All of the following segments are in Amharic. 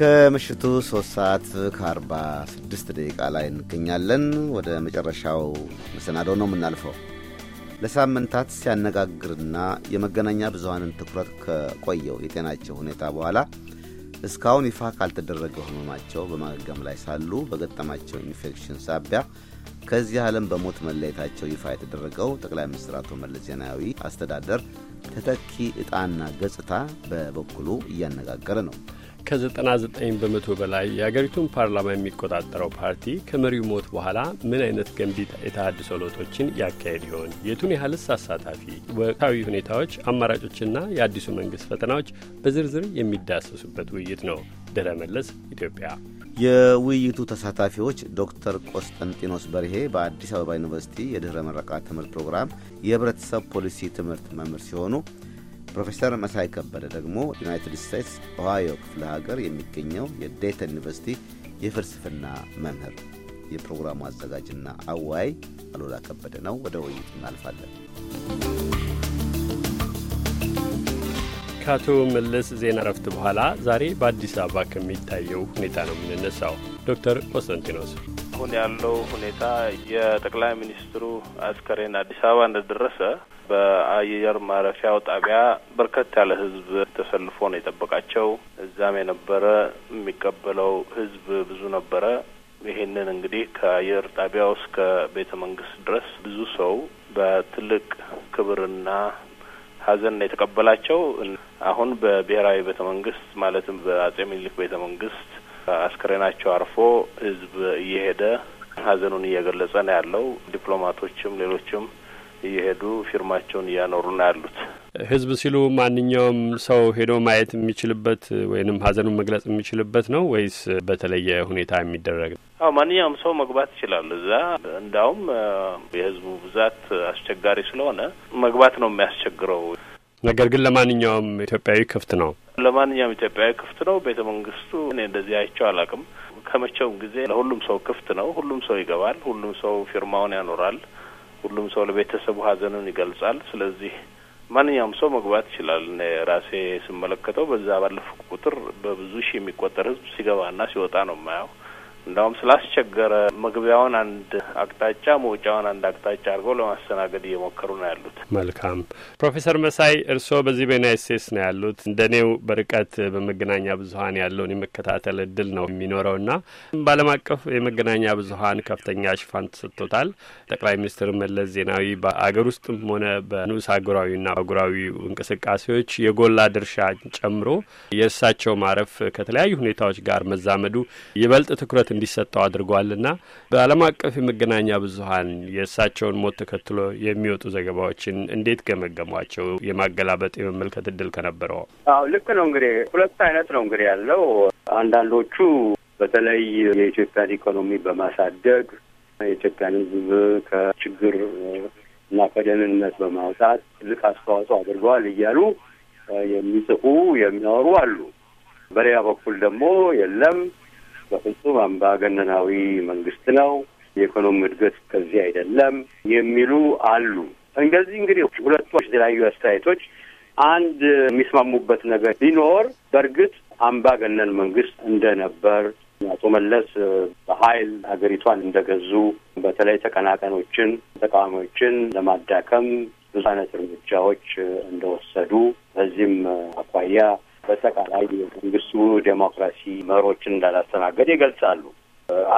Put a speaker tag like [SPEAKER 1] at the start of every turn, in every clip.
[SPEAKER 1] ከምሽቱ 3 ሰዓት ከ46 ደቂቃ ላይ እንገኛለን። ወደ መጨረሻው መሰናዶ ነው የምናልፈው። ለሳምንታት ሲያነጋግርና የመገናኛ ብዙሀንን ትኩረት ከቆየው የጤናቸው ሁኔታ በኋላ እስካሁን ይፋ ካልተደረገ ህመማቸው በማገገም ላይ ሳሉ በገጠማቸው ኢንፌክሽን ሳቢያ ከዚህ ዓለም በሞት መለየታቸው ይፋ የተደረገው ጠቅላይ ሚኒስትር አቶ መለስ ዜናዊ አስተዳደር ተተኪ እጣና ገጽታ በበኩሉ እያነጋገረ ነው። ከ99 በመቶ በላይ የአገሪቱን ፓርላማ
[SPEAKER 2] የሚቆጣጠረው ፓርቲ ከመሪው ሞት በኋላ ምን አይነት ገንቢ የተሃድሶ ለውጦችን ያካሄድ ይሆን? የቱን ያህልስ አሳታፊ? ወቅታዊ ሁኔታዎች፣ አማራጮችና የአዲሱ መንግስት ፈተናዎች በዝርዝር የሚዳሰሱበት ውይይት ነው። ድረ መለስ ኢትዮጵያ።
[SPEAKER 1] የውይይቱ ተሳታፊዎች ዶክተር ቆስጠንጢኖስ በርሄ በአዲስ አበባ ዩኒቨርሲቲ የድኅረ ምረቃ ትምህርት ፕሮግራም የህብረተሰብ ፖሊሲ ትምህርት መምህር ሲሆኑ ፕሮፌሰር መሳይ ከበደ ደግሞ ዩናይትድ ስቴትስ ኦሃዮ ክፍለ ሀገር የሚገኘው የዴተን ዩኒቨርሲቲ የፍልስፍና መምህር የፕሮግራሙ አዘጋጅና አዋይ አሉላ ከበደ ነው። ወደ ውይይት እናልፋለን።
[SPEAKER 2] ከአቶ መለስ ዜና እረፍት በኋላ ዛሬ በአዲስ አበባ ከሚታየው ሁኔታ ነው የምንነሳው። ዶክተር ቆስጠንቲኖስ
[SPEAKER 3] አሁን ያለው ሁኔታ የጠቅላይ ሚኒስትሩ አስከሬን አዲስ አበባ እንደደረሰ በአየር ማረፊያው ጣቢያ በርከት ያለ ህዝብ ተሰልፎ ነው የጠበቃቸው። እዛም የነበረ የሚቀበለው ህዝብ ብዙ ነበረ። ይህንን እንግዲህ ከአየር ጣቢያው እስከ ቤተ መንግስት ድረስ ብዙ ሰው በትልቅ ክብርና ሀዘን ነው የተቀበላቸው። አሁን በብሔራዊ ቤተ መንግስት ማለትም በአጼ ምኒልክ ቤተ መንግስት አስከሬናቸው አርፎ ህዝብ እየሄደ ሀዘኑን እየገለጸ ነው ያለው። ዲፕሎማቶችም ሌሎችም እየሄዱ ፊርማቸውን እያኖሩ ነው ያሉት።
[SPEAKER 2] ህዝብ ሲሉ ማንኛውም ሰው ሄዶ ማየት የሚችልበት ወይንም ሀዘኑን መግለጽ የሚችልበት ነው ወይስ በተለየ ሁኔታ የሚደረግ ነው?
[SPEAKER 3] አዎ ማንኛውም ሰው መግባት ይችላል። እዛ እንዳውም የህዝቡ ብዛት አስቸጋሪ ስለሆነ መግባት ነው የሚያስቸግረው።
[SPEAKER 2] ነገር ግን ለማንኛውም ኢትዮጵያዊ ክፍት ነው።
[SPEAKER 3] ለማንኛውም ኢትዮጵያዊ ክፍት ነው። ቤተ መንግስቱ እኔ እንደዚህ አይቼው አላቅም። ከመቼውም ጊዜ ለሁሉም ሰው ክፍት ነው። ሁሉም ሰው ይገባል። ሁሉም ሰው ፊርማውን ያኖራል። ሁሉም ሰው ለቤተሰቡ ሀዘኑን ይገልጻል። ስለዚህ ማንኛውም ሰው መግባት ይችላል። እኔ ራሴ ስመለከተው በዛ ባለፉ ቁጥር በብዙ ሺህ የሚቆጠር ህዝብ ሲገባና ሲወጣ ነው የማየው። እንዳውም ስላስቸገረ መግቢያውን አንድ አቅጣጫ መውጫውን አንድ አቅጣጫ አድርገው ለማስተናገድ እየሞከሩ ነው ያሉት።
[SPEAKER 2] መልካም ፕሮፌሰር መሳይ እርስዎ በዚህ በዩናይት ስቴትስ ነው ያሉት። እንደ እኔው በርቀት በመገናኛ ብዙኃን ያለውን የመከታተል እድል ነው የሚኖረው ና በዓለም አቀፍ የመገናኛ ብዙኃን ከፍተኛ ሽፋን ተሰጥቶታል። ጠቅላይ ሚኒስትር መለስ ዜናዊ በአገር ውስጥም ሆነ በንዑስ አህጉራዊ ና አህጉራዊ እንቅስቃሴዎች የጎላ ድርሻ ጨምሮ የእርሳቸው ማረፍ ከተለያዩ ሁኔታዎች ጋር መዛመዱ ይበልጥ ትኩረት እንዲሰጠው አድርጓልና በዓለም አቀፍ የመገናኛ ብዙኃን የእሳቸውን ሞት ተከትሎ የሚወጡ ዘገባዎችን እንዴት ገመገሟቸው? የማገላበጥ የመመልከት እድል ከነበረው።
[SPEAKER 4] አዎ ልክ ነው። እንግዲህ ሁለት አይነት ነው እንግዲህ ያለው አንዳንዶቹ በተለይ የኢትዮጵያን ኢኮኖሚ በማሳደግ የኢትዮጵያን ሕዝብ ከችግር እና ከደህንነት በማውጣት ትልቅ አስተዋጽኦ አድርገዋል እያሉ የሚጽፉ የሚያወሩ አሉ። በሌላ በኩል ደግሞ የለም በፍጹም አምባገነናዊ መንግስት ነው፣ የኢኮኖሚ እድገት ከዚህ አይደለም የሚሉ አሉ። እንደዚህ እንግዲህ ሁለቱ የተለያዩ አስተያየቶች አንድ የሚስማሙበት ነገር ቢኖር በእርግጥ አምባገነን መንግስት እንደነበር አቶ መለስ በኃይል ሀገሪቷን እንደገዙ በተለይ ተቀናቀኖችን፣ ተቃዋሚዎችን ለማዳከም ብዙ አይነት እርምጃዎች እንደወሰዱ በዚህም አኳያ ዴሞክራሲ መሮችን እንዳላስተናገድ ይገልጻሉ።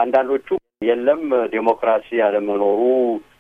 [SPEAKER 4] አንዳንዶቹ የለም ዴሞክራሲ አለመኖሩ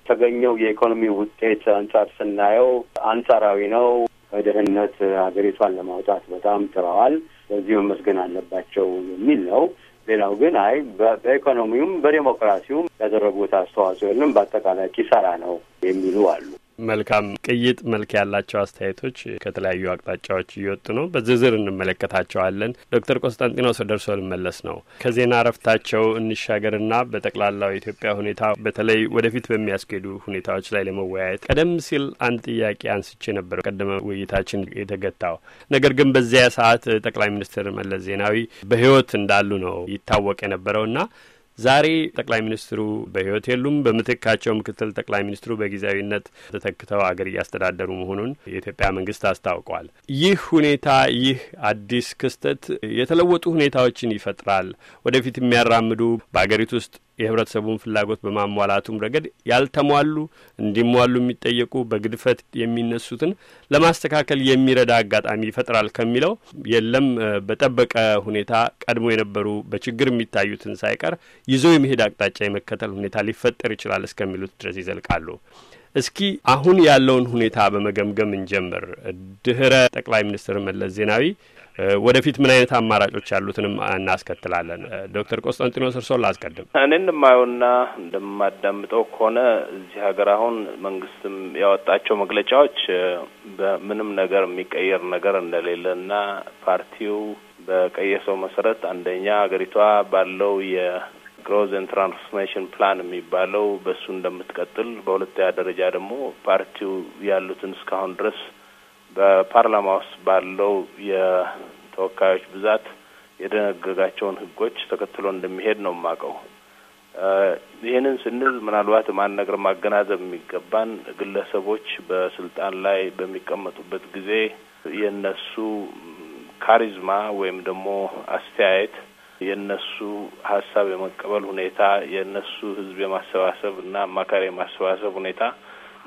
[SPEAKER 4] ተገኘው የኢኮኖሚ ውጤት አንጻር ስናየው አንጻራዊ ነው፣ ከድህነት ሀገሪቷን ለማውጣት በጣም ጥረዋል፣ በዚህ መመስገን አለባቸው የሚል ነው። ሌላው ግን አይ በኢኮኖሚውም በዴሞክራሲውም ያደረጉት አስተዋጽኦ የለም፣ በአጠቃላይ ኪሳራ ነው
[SPEAKER 2] የሚሉ አሉ። መልካም ቅይጥ መልክ ያላቸው አስተያየቶች ከተለያዩ አቅጣጫዎች እየወጡ ነው። በዝርዝር እንመለከታቸዋለን። ዶክተር ቆስጠንጢኖስ ደርሶ ልመለስ ነው። ከዜና እረፍታቸው እንሻገርና በጠቅላላው የኢትዮጵያ ሁኔታ በተለይ ወደፊት በሚያስኬዱ ሁኔታዎች ላይ ለመወያየት ቀደም ሲል አንድ ጥያቄ አንስቼ ነበር፣ ቀደመ ውይይታችን የተገታው ነገር ግን በዚያ ሰዓት ጠቅላይ ሚኒስትር መለስ ዜናዊ በሕይወት እንዳሉ ነው ይታወቅ የነበረውና ዛሬ ጠቅላይ ሚኒስትሩ በህይወት የሉም። በምትካቸው ምክትል ጠቅላይ ሚኒስትሩ በጊዜያዊነት ተተክተው አገር እያስተዳደሩ መሆኑን የኢትዮጵያ መንግስት አስታውቋል። ይህ ሁኔታ ይህ አዲስ ክስተት የተለወጡ ሁኔታዎችን ይፈጥራል። ወደፊት የሚያራምዱ በአገሪቱ ውስጥ የህብረተሰቡን ፍላጎት በማሟላቱም ረገድ ያልተሟሉ እንዲሟሉ የሚጠየቁ በግድፈት የሚነሱትን ለማስተካከል የሚረዳ አጋጣሚ ይፈጥራል ከሚለው የለም በጠበቀ ሁኔታ ቀድሞ የነበሩ በችግር የሚታዩትን ሳይቀር ይዞ የመሄድ አቅጣጫ የመከተል ሁኔታ ሊፈጠር ይችላል እስከሚሉት ድረስ ይዘልቃሉ። እስኪ አሁን ያለውን ሁኔታ በመገምገም እንጀምር። ድህረ ጠቅላይ ሚኒስትር መለስ ዜናዊ ወደፊት ምን አይነት አማራጮች ያሉትንም እናስከትላለን። ዶክተር ቆስጠንጢኖስ እርስዎን ላስቀድም።
[SPEAKER 3] እኔ እንደማየውና እንደማዳምጠው ከሆነ እዚህ ሀገር አሁን መንግስትም ያወጣቸው መግለጫዎች በምንም ነገር የሚቀየር ነገር እንደሌለና ፓርቲው በቀየሰው መሰረት አንደኛ ሀገሪቷ ባለው የግሮዝ ኤንድ ትራንስፎርሜሽን ፕላን የሚባለው በእሱ እንደምትቀጥል፣ በሁለተኛ ደረጃ ደግሞ ፓርቲው ያሉትን እስካሁን ድረስ በፓርላማ ውስጥ ባለው የተወካዮች ብዛት የደነገጋቸውን ህጎች ተከትሎ እንደሚሄድ ነው የማውቀው። ይህንን ስንል ምናልባት ማን ነገር ማገናዘብ የሚገባን ግለሰቦች በስልጣን ላይ በሚቀመጡበት ጊዜ የነሱ ካሪዝማ ወይም ደግሞ አስተያየት የነሱ ሀሳብ የመቀበል ሁኔታ የነሱ ህዝብ የማሰባሰብ እና አማካሪ የማሰባሰብ ሁኔታ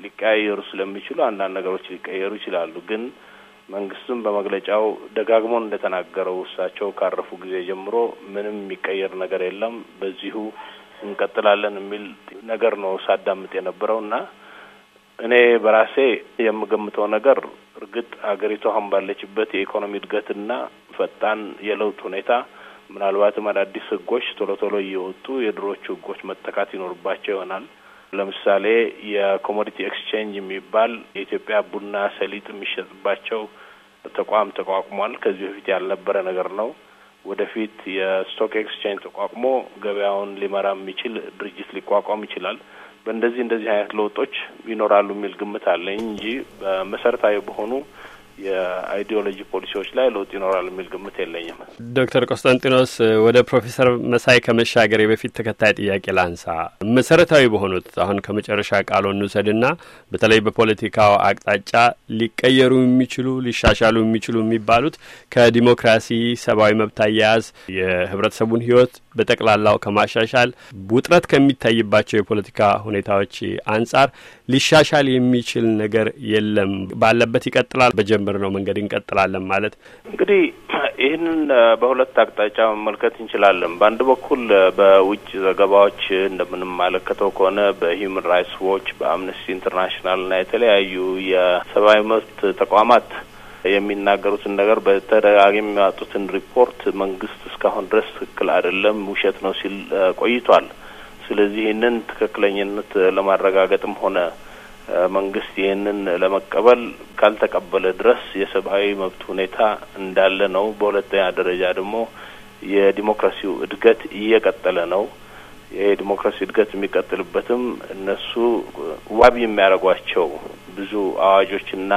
[SPEAKER 3] ሊቀያየሩ ስለሚችሉ አንዳንድ ነገሮች ሊቀየሩ ይችላሉ። ግን መንግስትም በመግለጫው ደጋግሞ እንደተናገረው እሳቸው ካረፉ ጊዜ ጀምሮ ምንም የሚቀየር ነገር የለም፣ በዚሁ እንቀጥላለን የሚል ነገር ነው ሳዳምጥ የነበረው እና እኔ በራሴ የምገምተው ነገር እርግጥ ሀገሪቱ አሁን ባለችበት የኢኮኖሚ እድገትና ፈጣን የለውጥ ሁኔታ ምናልባትም አዳዲስ ህጎች ቶሎ ቶሎ እየወጡ የድሮቹ ህጎች መተካት ይኖርባቸው ይሆናል። ለምሳሌ የኮሞዲቲ ኤክስቼንጅ የሚባል የኢትዮጵያ ቡና ሰሊጥ የሚሸጥባቸው ተቋም ተቋቁሟል። ከዚህ በፊት ያልነበረ ነገር ነው። ወደፊት የስቶክ ኤክስቼንጅ ተቋቁሞ ገበያውን ሊመራ የሚችል ድርጅት ሊቋቋም ይችላል። በእንደዚህ እንደዚህ አይነት ለውጦች ይኖራሉ የሚል ግምት አለኝ እንጂ በመሰረታዊ በሆኑ የአይዲዮሎጂ ፖሊሲዎች ላይ ለውጥ ይኖራል የሚል ግምት የለኝም።
[SPEAKER 2] ዶክተር ቆስጠንጢኖስ ወደ ፕሮፌሰር መሳይ ከመሻገሬ በፊት ተከታይ ጥያቄ ላንሳ። መሰረታዊ በሆኑት አሁን ከመጨረሻ ቃሎ እንውሰድና በተለይ በፖለቲካው አቅጣጫ ሊቀየሩ የሚችሉ ሊሻሻሉ የሚችሉ የሚባሉት ከዲሞክራሲ ሰብአዊ መብት አያያዝ የህብረተሰቡን ህይወት በጠቅላላው ከማሻሻል ውጥረት ከሚታይባቸው የፖለቲካ ሁኔታዎች አንጻር ሊሻሻል የሚችል ነገር የለም፣ ባለበት ይቀጥላል፣ ነው መንገድ እንቀጥላለን ማለት እንግዲህ
[SPEAKER 3] ይህንን በሁለት አቅጣጫ መመልከት እንችላለን። በአንድ በኩል በውጭ ዘገባዎች እንደምንመለከተው ከሆነ በሂውማን ራይትስ ዎች፣ በአምነስቲ ኢንተርናሽናልና የተለያዩ የሰብአዊ መብት ተቋማት የሚናገሩትን ነገር በተደጋጋሚ የሚያወጡትን ሪፖርት መንግስት እስካሁን ድረስ ትክክል አይደለም፣ ውሸት ነው ሲል ቆይቷል። ስለዚህ ይህንን ትክክለኝነት ለማረጋገጥም ሆነ መንግስት ይህንን ለመቀበል ካልተቀበለ ድረስ የሰብአዊ መብት ሁኔታ እንዳለ ነው። በሁለተኛ ደረጃ ደግሞ የዲሞክራሲው እድገት እየቀጠለ ነው። ዲሞክራሲ እድገት የሚቀጥልበትም እነሱ ዋቢ የሚያደርጓቸው ብዙ አዋጆችና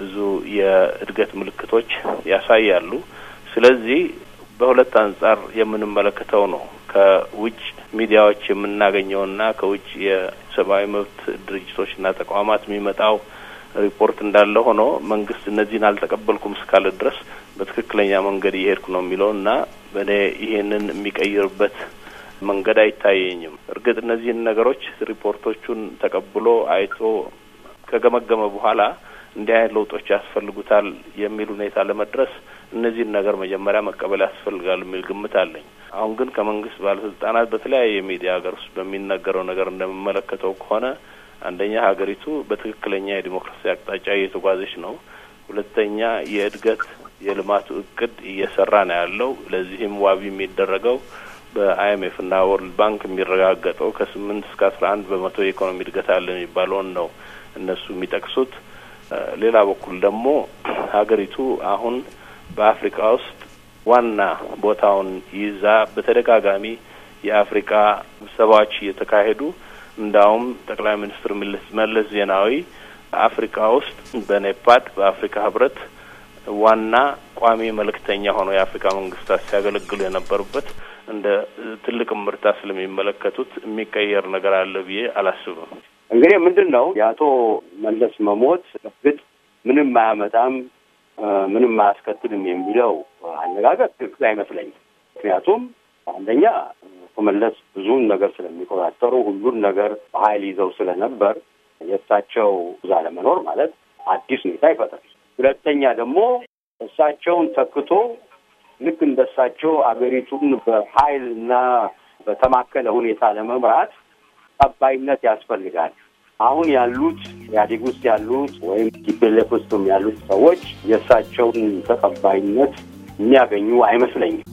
[SPEAKER 3] ብዙ የእድገት ምልክቶች ያሳያሉ። ስለዚህ በሁለት አንጻር የምንመለከተው ነው። ከውጭ ሚዲያዎች የምናገኘውና ከውጭ የሰብአዊ መብት ድርጅቶችና ተቋማት የሚመጣው ሪፖርት እንዳለ ሆኖ መንግስት እነዚህን አልተቀበልኩም እስካለ ድረስ በትክክለኛ መንገድ እየሄድኩ ነው የሚለው እና በእኔ ይሄንን የሚቀይርበት መንገድ አይታየኝም። እርግጥ እነዚህን ነገሮች ሪፖርቶቹን ተቀብሎ አይቶ ከገመገመ በኋላ እንዲህ አይነት ለውጦች ያስፈልጉታል የሚል ሁኔታ ለመድረስ እነዚህን ነገር መጀመሪያ መቀበል ያስፈልጋል የሚል ግምት አለኝ። አሁን ግን ከመንግስት ባለስልጣናት በተለያየ ሚዲያ ሀገር ውስጥ በሚነገረው ነገር እንደምመለከተው ከሆነ አንደኛ ሀገሪቱ በትክክለኛ የዲሞክራሲ አቅጣጫ እየተጓዘች ነው። ሁለተኛ የእድገት የልማቱ እቅድ እየሰራ ነው ያለው። ለዚህም ዋቢ የሚደረገው በአይኤምኤፍ እና ወርልድ ባንክ የሚረጋገጠው ከስምንት እስከ አስራ አንድ በመቶ የኢኮኖሚ እድገት አለ የሚባለውን ነው እነሱ የሚጠቅሱት። ሌላ በኩል ደግሞ ሀገሪቱ አሁን በአፍሪካ ውስጥ ዋና ቦታውን ይዛ በተደጋጋሚ የአፍሪካ ስብሰባዎች እየተካሄዱ እንዳውም ጠቅላይ ሚኒስትር መለስ ዜናዊ አፍሪካ ውስጥ በኔፓድ በአፍሪካ ህብረት ዋና ቋሚ መልእክተኛ ሆነው የአፍሪካ መንግስታት ሲያገለግሉ የነበሩበት እንደ ትልቅ ምርታ ስለሚመለከቱት የሚቀየር ነገር አለ ብዬ አላስብም።
[SPEAKER 4] እንግዲህ ምንድን ነው የአቶ መለስ መሞት እርግጥ ምንም አያመጣም፣ ምንም አያስከትልም የሚለው አነጋገር ትክክል አይመስለኝም። ምክንያቱም አንደኛ አቶ መለስ ብዙን ነገር ስለሚቆጣጠሩ ሁሉን ነገር በኃይል ይዘው ስለነበር የእሳቸው እዛ ለመኖር ማለት አዲስ ሁኔታ ይፈጥራል። ሁለተኛ ደግሞ እሳቸውን ተክቶ ልክ እንደሳቸው አገሪቱን በኃይል እና በተማከለ ሁኔታ ለመምራት ተቀባይነት ያስፈልጋል። አሁን ያሉት ኢህአዴግ ውስጥ ያሉት ወይም ቲፒኤልኤፍ ውስጥም ያሉት ሰዎች የእሳቸውን ተቀባይነት የሚያገኙ አይመስለኝም።